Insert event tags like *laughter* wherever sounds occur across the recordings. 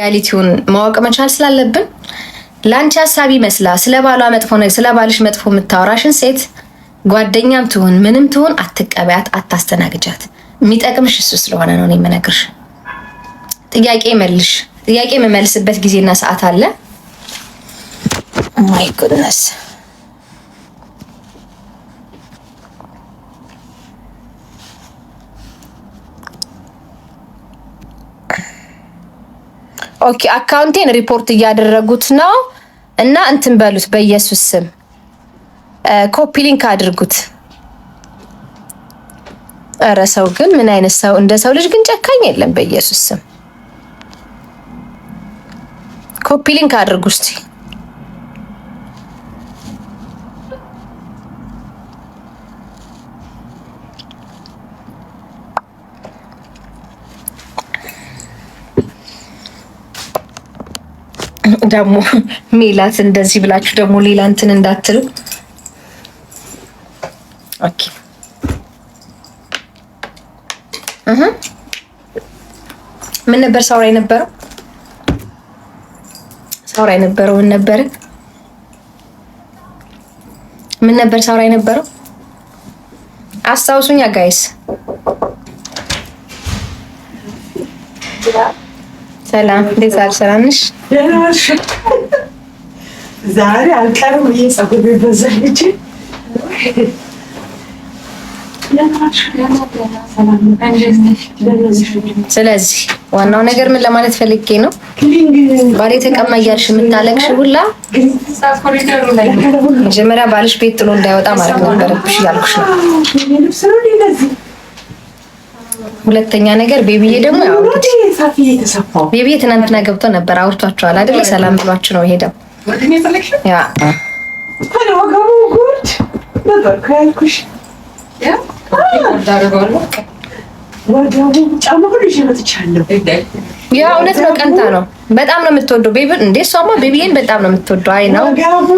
ሪያሊቲውን ማወቅ መቻል ስላለብን ለአንቺ ሀሳቢ መስላ ስለ ባሏ መጥፎ ስለ ባልሽ መጥፎ የምታወራሽን ሴት ጓደኛም ትሁን ምንም ትሁን አትቀበያት፣ አታስተናግጃት። የሚጠቅምሽ እሱ ስለሆነ ነው የምነግርሽ። ጥያቄ መልሽ። ጥያቄ የምመልስበት ጊዜና ሰዓት አለ። ማይ oh ጉድነስ ኦኬ አካውንቴን ሪፖርት እያደረጉት ነው እና እንትን በሉት በኢየሱስ ስም ኮፒ ሊንክ አድርጉት። እረ ሰው ግን ምን አይነት ሰው እንደ ሰው ልጅ ግን ጨካኝ የለም። በኢየሱስ ስም ኮፒ ሊንክ አድርጉ እስቲ። ደግሞ ሜላት እንደዚህ ብላችሁ ደግሞ ሌላ እንትን እንዳትሉ። ኦኬ ምን ነበር ሳውራ የነበረው? ሳውራ የነበረው ምን ነበር? ምን ነበር ሳውራ የነበረው? አስታውሱኛ ጋይስ ሰላም እንዴት ዛሬ ሰላም ነሽ? ዛሬ አልቀርም ይሄ እየጸጉር በዛ ልጅ ስለዚህ ዋናው ነገር ምን ለማለት ፈልጌ ነው፣ ባሌ ተቀማ እያልሽ የምታለቅሽ ሁላ መጀመሪያ ባልሽ ቤት ጥሎ እንዳይወጣ ማለት ነበረብሽ እያልኩሽ ነው። ሁለተኛ ነገር ቤቢዬ ደግሞ ቤቢዬ ትናንትና ገብቶ ነበር። አውርቷቸዋል አይደለ? ሰላም ብሏችሁ ነው የሄደው። ያ እውነት ነው። ቀንታ ነው በጣም ነው የምትወደው ቤቢ እንዴ? እሷማ ቤቢዬን በጣም ነው የምትወደው። አይ ነው ጋቡ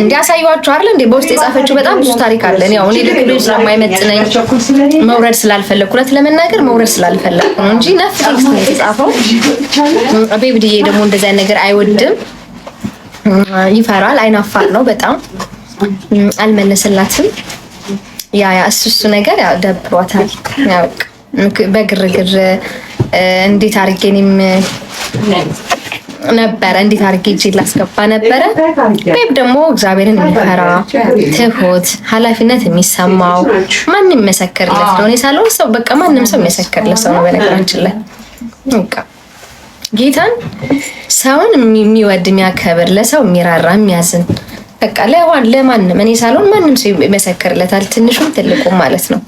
እንዲ አሳየኋቸው አይደል እንዴ? በውስጥ የጻፈችው በጣም ብዙ ታሪክ አለ። ያው እኔ ለክብሬ ስለማይመጥነኝ መውረድ ስላልፈለግኩ እውነት ለመናገር መውረድ ስላልፈለኩ ነው እንጂ ነፍ ቴክስት ነው የተጻፈው። ቤቢዬ ደግሞ እንደዚያ ነገር አይወድም፣ ይፈራል፣ አይናፋር ነው በጣም አልመለስላትም። ያ ያ እሱ እሱ ነገር ያው ደብሯታል። ያው በግርግር እንዴት አድርጌ እኔም ነበረ እንዴት አድርጌ እጅ ላስገባ ነበረ። ቤብ ደግሞ እግዚአብሔርን የሚፈራ ትሁት፣ ኃላፊነት የሚሰማው ማንም የሚመሰክርለት ነው። እኔ ሰው በቃ ማንም ሰው የሚመሰክርለት ሰው ነው። በነገራችን ላይ በቃ ጌታን ሰውን የሚወድ የሚያከብር፣ ለሰው የሚራራ የሚያዝን በቃ ለዋን ለማንም እኔ ሳልሆን ማንም ሰው ይመሰክርለታል፣ ትንሹም ትልቁም ማለት ነው።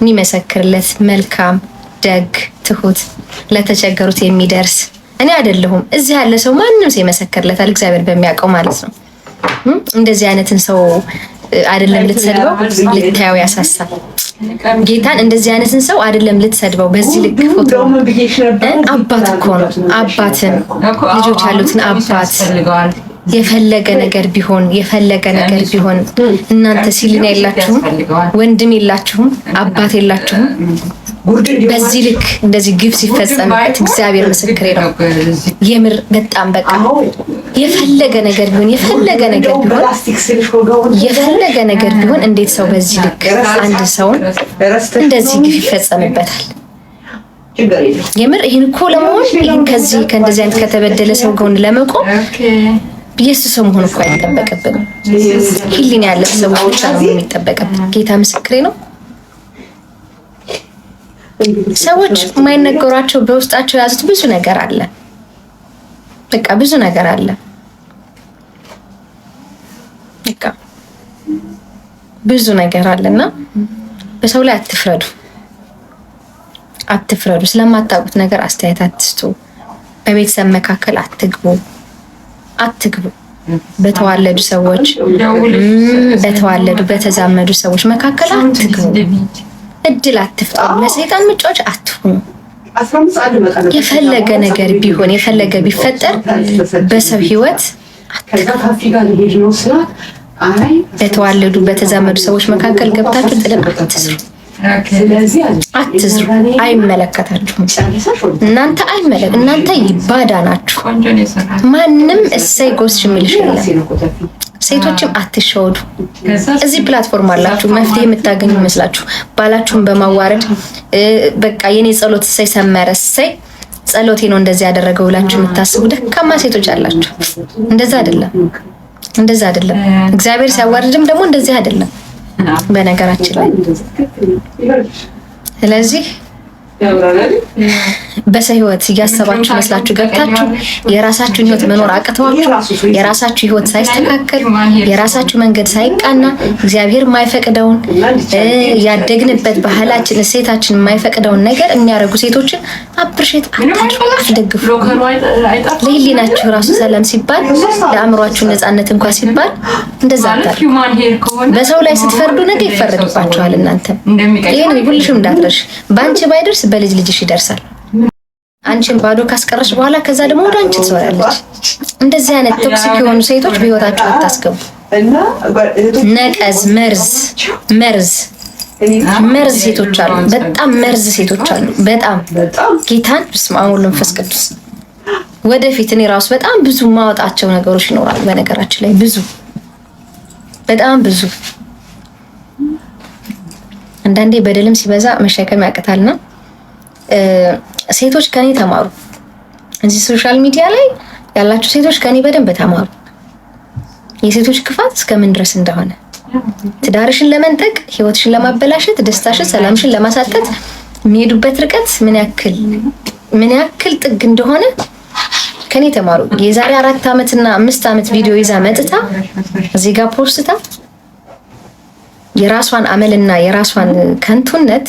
የሚመሰክርለት መልካም፣ ደግ፣ ትሁት፣ ለተቸገሩት የሚደርስ እኔ አይደለሁም። እዚህ ያለ ሰው ማንም ሰው ይመሰክርለታል፣ እግዚአብሔር በሚያውቀው ማለት ነው። እንደዚህ አይነትን ሰው አይደለም ልትሰድበው፣ ልታየው ያሳሳል። ጌታን እንደዚህ አይነትን ሰው አይደለም ልትሰድበው፣ በዚህ ልክ ፎቶ አባት እኮ ነው። አባትን ልጆች ያሉትን አባት የፈለገ ነገር ቢሆን የፈለገ ነገር ቢሆን እናንተ ሲሊና የላችሁም፣ ወንድም የላችሁም፣ አባት የላችሁም። በዚህ ልክ እንደዚህ ግብ ሲፈጸምበት እግዚአብሔር ምስክሬ ነው። የምር በጣም በቃ የፈለገ ነገር ቢሆን የፈለገ ነገር ቢሆን የፈለገ ነገር ቢሆን እንዴት ሰው በዚህ ልክ አንድ ሰውን እንደዚህ ግፍ ይፈጸምበታል? የምር ይህን እኮ ለመሆን ይህን ከዚህ ከእንደዚህ አይነት ከተበደለ ሰው ጎን ለመቆም የእሱ ሰው መሆን እኮ አይጠበቅብንም። ሂሊን ያለ ሰው ብቻ ነው የሚጠበቅብን። ጌታ ምስክሬ ነው። ሰዎች የማይነገሯቸው በውስጣቸው የያዙት ብዙ ነገር አለ። በቃ ብዙ ነገር አለ። በቃ ብዙ ነገር አለና በሰው ላይ አትፍረዱ፣ አትፍረዱ። ስለማታውቁት ነገር አስተያየት አትስጡ። በቤተሰብ መካከል አትግቡ። አትግቡ። በተዋለዱ ሰዎች በተዋለዱ በተዛመዱ ሰዎች መካከል አትግቡ። እድል አትፍጠሩ። ለሰይጣን ምጫዎች አትሁኑ። የፈለገ ነገር ቢሆን የፈለገ ቢፈጠር በሰው ህይወት በተዋለዱ በተዛመዱ ሰዎች መካከል ገብታችሁ ጥልቅ አትስሩ። አትዝሩ፣ አይመለከታችሁም። እናንተ አይመለክ እናንተ ይባዳ ናችሁ። ማንም እሰይ ጎስሽ የሚልሽ የለም። ሴቶችም አትሸወዱ። እዚህ ፕላትፎርም አላችሁ መፍትሄ የምታገኙ ይመስላችሁ ባላችሁን በማዋረድ በቃ የኔ ጸሎት እሰይ ሰመረ እሰይ ጸሎቴ ነው እንደዚህ ያደረገው ብላችሁ የምታስቡ ደካማ ሴቶች አላችሁ። እንደዛ አይደለም፣ እንደዛ አይደለም። እግዚአብሔር ሲያዋርድም ደግሞ እንደዚህ አይደለም። በነገራችን ላይ ስለዚህ በሰው ህይወት እያሰባችሁ መስላችሁ ገብታችሁ የራሳችሁን ህይወት መኖር አቅተዋችሁ የራሳችሁ ህይወት ሳይስተካከል የራሳችሁ መንገድ ሳይቃና እግዚአብሔር የማይፈቅደውን ያደግንበት ባህላችን እሴታችን የማይፈቅደውን ነገር የሚያደርጉ ሴቶችን አብርሽት አታድርጉ፣ አትደግፉ። ለህሊናችሁ ራሱ ሰላም ሲባል ለአእምሯችሁ ነፃነት እንኳ ሲባል እንደዛ አታድርጉ። በሰው ላይ ስትፈርዱ ነገ ይፈረድባችኋል። እናንተ ይህን ሁልሽም እንዳትረሽ በአንቺ ባይደርስ በልጅ ልጅሽ ይደርሳል። አንቺን ባዶ ካስቀረች በኋላ ከዛ ደግሞ ወደ አንቺ ትሰራለች። እንደዚህ አይነት ቶክሲክ የሆኑ ሴቶች በህይወታቸው አታስገቡ። ነቀዝ፣ መርዝ፣ መርዝ፣ መርዝ ሴቶች አሉ። በጣም መርዝ ሴቶች አሉ። በጣም ጌታን በስመ አብ ቅዱስ። ወደፊት እኔ ራሱ በጣም ብዙ ማወጣቸው ነገሮች ይኖራል። በነገራችን ላይ ብዙ በጣም ብዙ አንዳንዴ በደልም ሲበዛ መሸከም ያቅታልና ሴቶች ከኔ ተማሩ። እዚህ ሶሻል ሚዲያ ላይ ያላችሁ ሴቶች ከኔ በደንብ ተማሩ። የሴቶች ክፋት እስከምን ድረስ እንደሆነ ትዳርሽን ለመንጠቅ፣ ህይወትሽን ለማበላሸት፣ ደስታሽን፣ ሰላምሽን ለማሳጠት የሚሄዱበት ርቀት ምን ያክል ምን ያክል ጥግ እንደሆነ ከኔ ተማሩ። የዛሬ አራት ዓመትና አምስት ዓመት ቪዲዮ ይዛ መጥታ እዚህ ጋር ፖስትታ የራሷን አመልና የራሷን ከንቱነት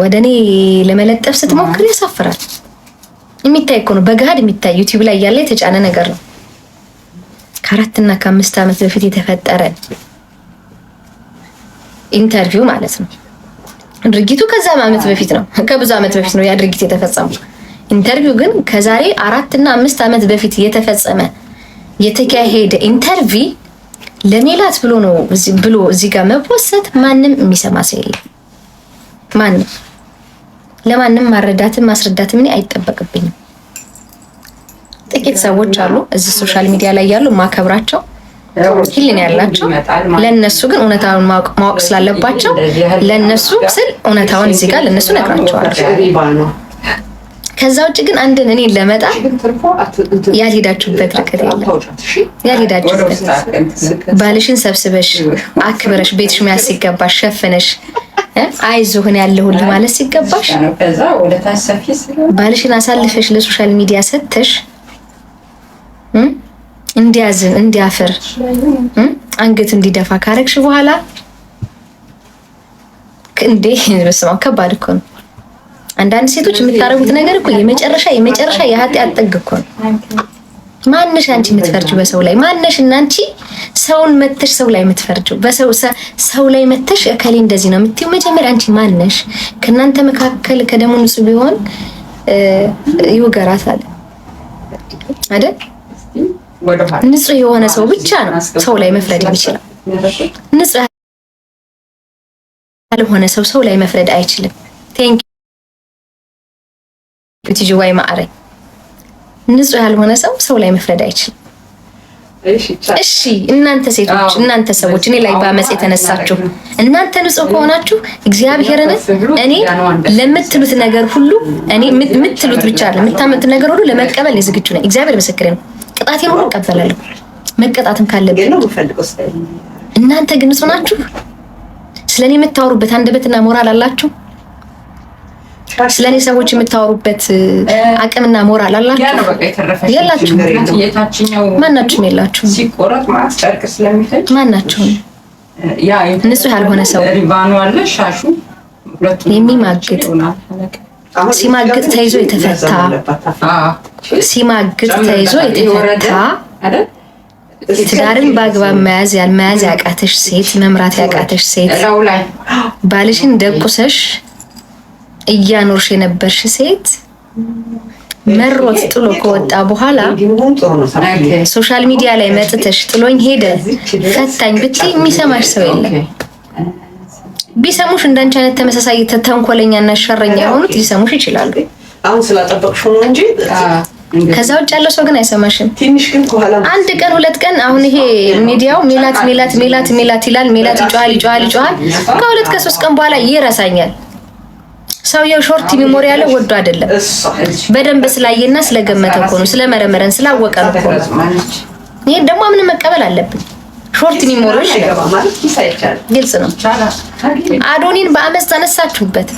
ወደ እኔ ለመለጠፍ ስትሞክር ያሳፍራል። የሚታይ እኮ ነው በገሃድ የሚታይ ዩቲዩብ ላይ ያለ የተጫነ ነገር ነው። ከአራት ከአምስት ዓመት በፊት የተፈጠረ ኢንተርቪው ማለት ነው። ድርጊቱ ከዛ ዓመት በፊት ነው፣ ከብዙ ዓመት በፊት ነው ያ ድርጊት የተፈጸመው። ኢንተርቪው ግን ከዛሬ አራት አምስት ዓመት በፊት የተፈጸመ የተካሄደ ኢንተርቪ ለሜላት ብሎ ነው ብሎ እዚህ ጋር መወሰት ማንም የሚሰማ ሰው የለም። ማንም ለማንም ማረዳትም ማስረዳትም እኔ አይጠበቅብኝም። ጥቂት ሰዎች አሉ እዚህ ሶሻል ሚዲያ ላይ ያሉ ማከብራቸው ሂልን ያላቸው ለነሱ ግን እውነታውን ማወቅ ስላለባቸው ለነሱ ስል እውነታውን እዚህ ጋር ለነሱ ነግራቸዋለሁ። ከዛ ውጭ ግን አንድን እኔ ለመጣ ያልሄዳችሁበት ርቀት የለም። ያልሄዳችሁበት ባልሽን ሰብስበሽ አክብረሽ ቤትሽ መያዝ ሲገባሽ ሸፍነሽ አይዞህን ያለሁልህ ማለት ሲገባሽ ባልሽን አሳልፈሽ ለሶሻል ሚዲያ ሰጥተሽ እንዲያዝን እንዲያፍር አንገት እንዲደፋ ካረግሽ በኋላ እንዴ በስመ አብ ከባድ እኮ ነው። አንዳንድ ሴቶች የምታረጉት ነገር እኮ የመጨረሻ የመጨረሻ የኃጢአት ጥግ እኮ ነው። ማነሽ አንቺ የምትፈርጂው በሰው ላይ ማነሽ እናንቺ ሰውን መተሽ ሰው ላይ የምትፈርጂው በሰው ሰው ላይ መተሽ እከሌ እንደዚህ ነው የምትይው፣ መጀመሪያ አንቺ ማን ነሽ? ከእናንተ መካከል ከደሙ ንጹህ ቢሆን ይወገራታል አይደል? ንጹህ የሆነ ሰው ብቻ ነው ሰው ላይ መፍረድ የሚችለው። ንጹህ ያልሆነ ሰው ሰው ላይ መፍረድ አይችልም። ቴንክ ዩ ቲጂ ዋይ ንጹህ ያልሆነ ሰው ሰው ላይ መፍረድ አይችልም። እሺ እናንተ ሴቶች እናንተ ሰዎች እኔ ላይ በአመፅ የተነሳችሁ እናንተ ንጹህ ከሆናችሁ እግዚአብሔርን እኔ ለምትሉት ነገር ሁሉ እኔ የምትሉት ብቻ አለ ነገር ሁሉ ለመቀበል ዝግጁ ነኝ። እግዚአብሔር ምስክሬ ነው። ቅጣቴን ሁሉ እቀበላለሁ፣ መቀጣትም ካለብኝ። እናንተ ግን ንጹህ ናችሁ። ስለኔ የምታወሩበት አንደበትና ሞራል አላችሁ። ስለ እኔ ሰዎች የምታወሩበት አቅምና ሞራል አላችሁ የላችሁ? ማናችሁም የላችሁ። ማናችሁም ንጹሕ ያልሆነ ሰው የሚማግጥ ሲማግጥ ተይዞ የተፈታ ሲማግጥ ተይዞ የተፈታ ትዳርን በአግባብ መያዝ ያል መያዝ ያቃተሽ ሴት መምራት ያቃተሽ ሴት ባልሽን ደቁሰሽ እያኖርሽ የነበርሽ ሴት መሮት ጥሎ ከወጣ በኋላ ሶሻል ሚዲያ ላይ መጥተሽ ጥሎኝ ሄደ ፈታኝ ብትይ የሚሰማሽ ሰው የለም። ቢሰሙሽ እንዳንቺ አይነት ተመሳሳይ እና ሸረኛ የሆኑት ሊሰሙሽ ይችላሉ። አሁን ስላጠበቅሽ ነው እንጂ ከዛ ውጭ ያለው ሰው ግን አይሰማሽም። አንድ ቀን ሁለት ቀን አሁን ይሄ ሚዲያው ሜላት ሜላት ሜላት ሜላት ይላል። ሜላት ይጮሃል ይጮሃል ይጮሃል። ከሁለት ከሶስት ቀን በኋላ ይረሳኛል። ሰውየው ሾርት ሚሞሪ ያለ ወዶ አይደለም። በደንብ ስላየና ስለገመተ እኮ ነው፣ ስለመረመረን ስላወቀ ነው እኮ ነው። ይሄ ደግሞ ምን መቀበል አለብን? ሾርት ሚሞሪ ግልጽ ነው። አዶኒን በአመፅ ተነሳችሁበት።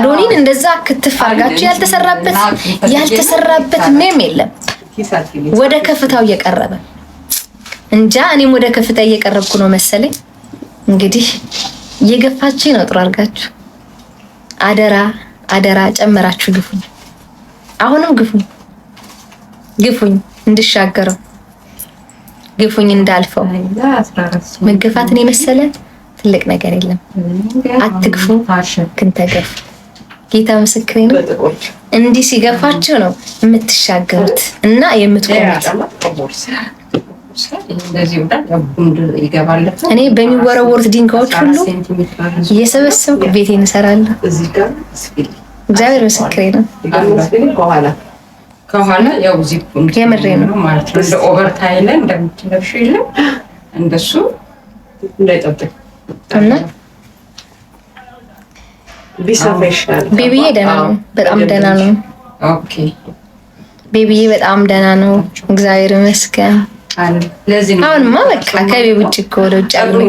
አዶኒን እንደዛ ክትፍ አድርጋችሁ ያልተሰራበት ያልተሰራበት ምንም የለም። ወደ ከፍታው እየቀረበ እንጃ። እኔም ወደ ከፍታ እየቀረብኩ ነው መሰለኝ። እንግዲህ እየገፋችሁ ነው ጥሩ አድርጋችሁ አደራ አደራ ጨምራችሁ ግፉኝ፣ አሁንም ግፉኝ፣ ግፉኝ እንድሻገረው ግፉኝ እንዳልፈው። መገፋትን የመሰለ ትልቅ ነገር የለም። አትግፉ ግን ተገፉ። ጌታ ምስክሬ ነው። እንዲህ ሲገፋችሁ ነው የምትሻገሩት እና የምትቆሙት። እኔ በሚወረወሩት ድንጋዮች ሁሉ እየሰበሰብኩ ቤቴን እሰራለሁ። እግዚአብሔር ምስክሬ ነው። ከኋላ ያው የምሬ ነው ማለት ነው። እንደ ላይ እንደምትለብሽ እንደሱ እንዳይጠብቅ እና ቤቢዬ ደህና ነው። በጣም ደህና ነው። ቤቢዬ በጣም ደህና ነው። እግዚአብሔር ይመስገን። አሁንማ በቃ ከቤት ውጭ እኮ ወደ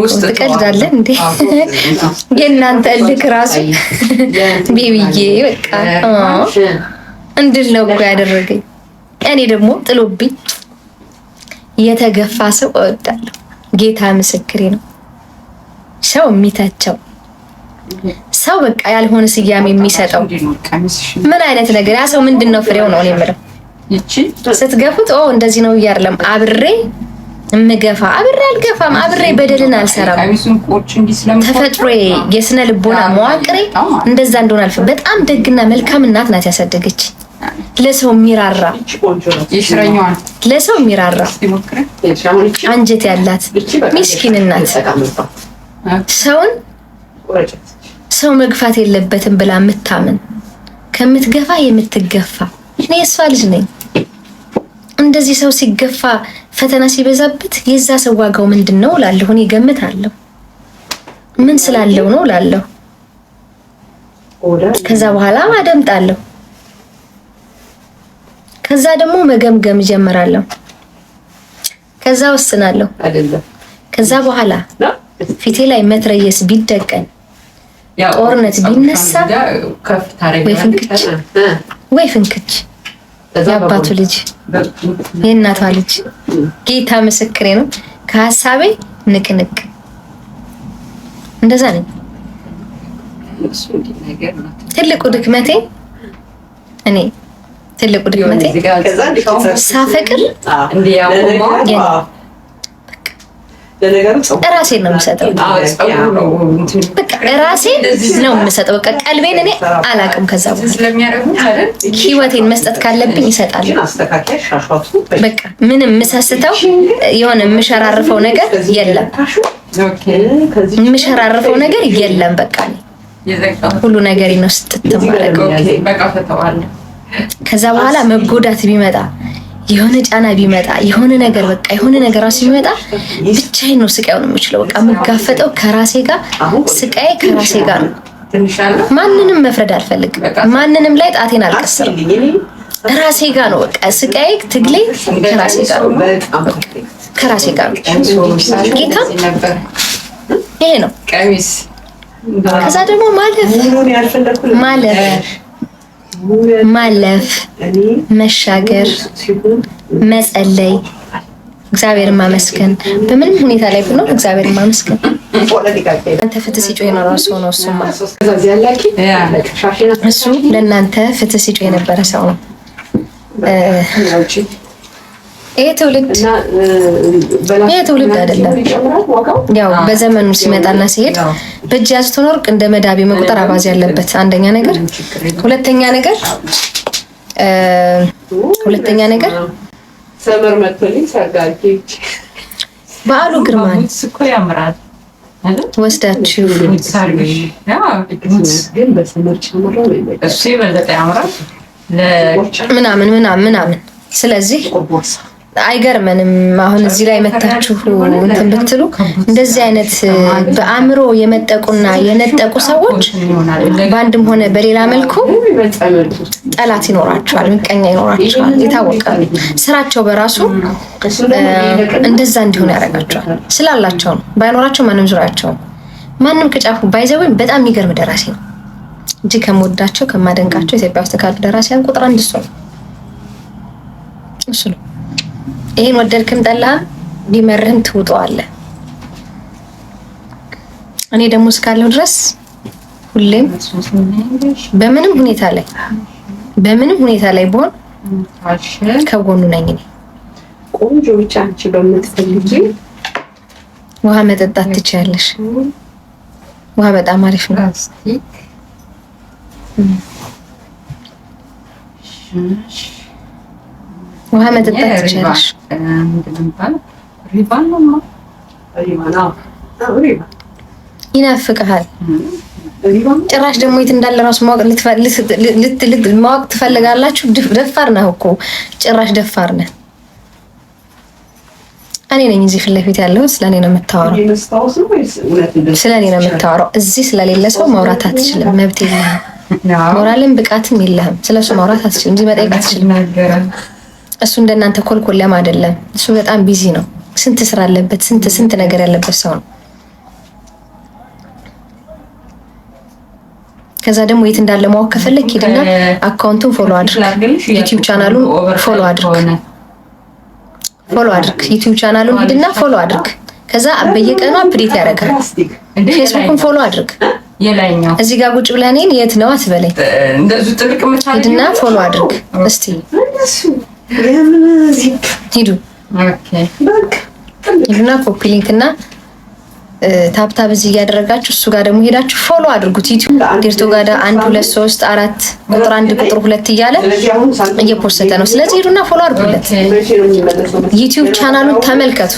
ውጭ ትቀልዳለህ እንዴ? *laughs* የእናንተ እልክ ራሱ *laughs* ቤቢዬ በቃ እንድል ነው እኮ ያደረገኝ። እኔ ደግሞ ጥሎብኝ የተገፋ ሰው እወዳለሁ። ጌታ ምስክሬ ነው። ሰው የሚተቸው ሰው በቃ ያልሆነ ስያሜ የሚሰጠው ምን አይነት ነገር ያ ሰው ምንድን ነው ፍሬው ነው የምለው ስትገፉት ኦ እንደዚህ ነው እያለም አብሬ የምገፋ አብሬ አልገፋም። አብሬ በደልን አልሰራም። ተፈጥሮ የስነ ልቦና መዋቅሬ እንደዛ እንደሆነ አልፈ በጣም ደግና መልካም እናት ናት ያሳደገች ለሰው የሚራራ ለሰው የሚራራ አንጀት ያላት ሚስኪን እናት ሰውን ሰው መግፋት የለበትም ብላ የምታምን ከምትገፋ የምትገፋ እኔ የእሷ ልጅ ነኝ። እንደዚህ ሰው ሲገፋ ፈተና ሲበዛበት የዛ ሰው ዋጋው ምንድን ነው እላለሁ። እኔ እገምታለሁ። ምን ስላለው ነው እላለሁ። ከዛ በኋላ አደምጣለሁ። ከዛ ደግሞ መገምገም እጀምራለሁ። ከዛ ወስናለሁ። ከዛ በኋላ ፊቴ ላይ መትረየስ ቢደቀን ጦርነት ቢነሳ ወይ ፍንክች ወይ ፍንክች የአባቱ ልጅ የእናቷ ልጅ ጌታ ምስክሬ ነው። ከሀሳቤ ንቅንቅ እንደዛ ነኝ። ትልቁ ድክመቴ እኔ ትልቁ ድክመቴ ሳፈቅር እራሴን ነው የምሰጠው። ራሴ ነው የምሰጠው። በቃ ቀልቤን እኔ አላቅም። ከዛ በኋላ ህይወቴን መስጠት ካለብኝ ይሰጣል። በቃ ምንም የምሰስተው የሆነ የምሸራርፈው ነገር የለም፣ የምሸራርፈው ነገር የለም። በቃ ሁሉ ነገር ነው ስትትማረቅ ከዛ በኋላ መጎዳት ቢመጣ የሆነ ጫና ቢመጣ የሆነ ነገር በቃ የሆነ ነገር ራሱ ቢመጣ ብቻዬን ነው ስቃይ ነው የምችለው። በቃ የምጋፈጠው ከራሴ ጋር ስቃይ ከራሴ ጋር ነው። ማንንም መፍረድ አልፈልግም። ማንንም ላይ ጣቴን አልቀስርም። ራሴ ጋር ነው በቃ ስቃይ ትግሌ ከራሴ ጋር ነው። ከራሴ ጋር ነው። ጌታ ይሄ ነው። ከዛ ደግሞ ማለፍ ማለፍ ማለፍ፣ መሻገር፣ መጸለይ፣ እግዚአብሔርን ማመስገን፣ በምንም ሁኔታ ላይ ብኖር እግዚአብሔርን ማመስገን። እናንተ ፍትህ ሲጮ የኖረ ሰው ነው። እሱ። እሱ ለእናንተ ፍትህ ሲጮ የነበረ ሰው ነው። ይሄ ትውልድ ይሄ ትውልድ አይደለም። ያው በዘመኑ ሲመጣና ሲሄድ በእጅ ያዙትን ወርቅ እንደ መዳብ መቁጠር አባዝ ያለበት አንደኛ ነገር። ሁለተኛ ነገር ሁለተኛ ነገር በዓሉ ግርማ ወስዳችሁ ምናምን ምናምን ምናምን ስለዚህ አይገርመንም። አሁን እዚህ ላይ መታችሁ እንትን ብትሉ እንደዚህ አይነት በአእምሮ የመጠቁና የነጠቁ ሰዎች በአንድም ሆነ በሌላ መልኩ ጠላት ይኖራቸዋል፣ ምቀኛ ይኖራቸዋል። የታወቀ ስራቸው በራሱ እንደዛ እንዲሆን ያደርጋቸዋል። ስላላቸው ነው። ባይኖራቸው ማንም ዙሪያቸው ማንም ቅጫፉ ባይዘው በጣም የሚገርም ደራሲ ነው እንጂ ከምወዳቸው ከማደንቃቸው ኢትዮጵያ ውስጥ ካሉ ደራሲያን ቁጥር አንድ እሱ ነው እሱ ነው። ይሄን ወደድክም ጠላህም ቢመርህም ትውጠዋለህ። እኔ ደግሞ እስካለሁ ድረስ ሁሌም በምንም ሁኔታ ላይ በምንም ሁኔታ ላይ ብሆን ከጎኑ ነኝ። እኔ ቆንጆ ብቻ አንቺ በምትፈልጊ ውሃ መጠጣት ትችያለሽ። ውሃ በጣም አሪፍ ነው። ውሃ መጠጣት ትችያለሽ። ምንድን የሚባለው ሪቫን ነው። ይናፍቅሃል። ጭራሽ ደግሞ የት እንዳለ ራሱ ማወቅ ትፈልጋላችሁ። ደፋር ነህ እኮ ጭራሽ ደፋር ነህ። እኔ ነኝ እዚህ ፊት ለፊት ያለሁት። ስለእኔ ነው የምታወራው፣ ስለእኔ ነው የምታወራው። እዚህ ስለሌለ ሰው ማውራት አትችልም። መብት የለህም። ሞራልን ብቃትም የለህም። ስለሱ ማውራት አትችልም። እዚህ መጠየቅ አትችልም። እሱ እንደናንተ ኮልኮለም አይደለም። እሱ በጣም ቢዚ ነው። ስንት ስራ አለበት፣ ስንት ስንት ነገር ያለበት ሰው ነው። ከዛ ደግሞ የት እንዳለ ማወቅ ከፈለግ ሂድና አካውንቱን ፎሎ አድርግ፣ ዩቲዩብ ቻናሉን ፎሎ አድርግ፣ ፎሎ አድርግ፣ ዩቲዩብ ቻናሉን ሂድና ፎሎ አድርግ። ከዛ በየቀኑ አፕዴት ያደርጋል። ፌስቡክን ፎሎ አድርግ። እዚህ ጋር ቁጭ ብለህ እኔን የት ነው አትበለኝ። ሄድና ፎሎ አድርግ እስቲ ሂዱ። ሂዱና ኮፒ ሊንክ እና እዚህ እያደረጋችሁ እሱ ጋር ደግሞ ሄዳችሁ ፎሎ አድርጉት። ዩቲዩብ ዴርቶ ጋዳ አንድ ሁለት ሶስት አራት ቁጥር አንድ ቁጥር ሁለት እያለ እየፖሰተ ነው። ስለዚህ ሂዱና ፎሎ አድርጉለት። ዩቲዩብ ቻናሉን ተመልከቱ።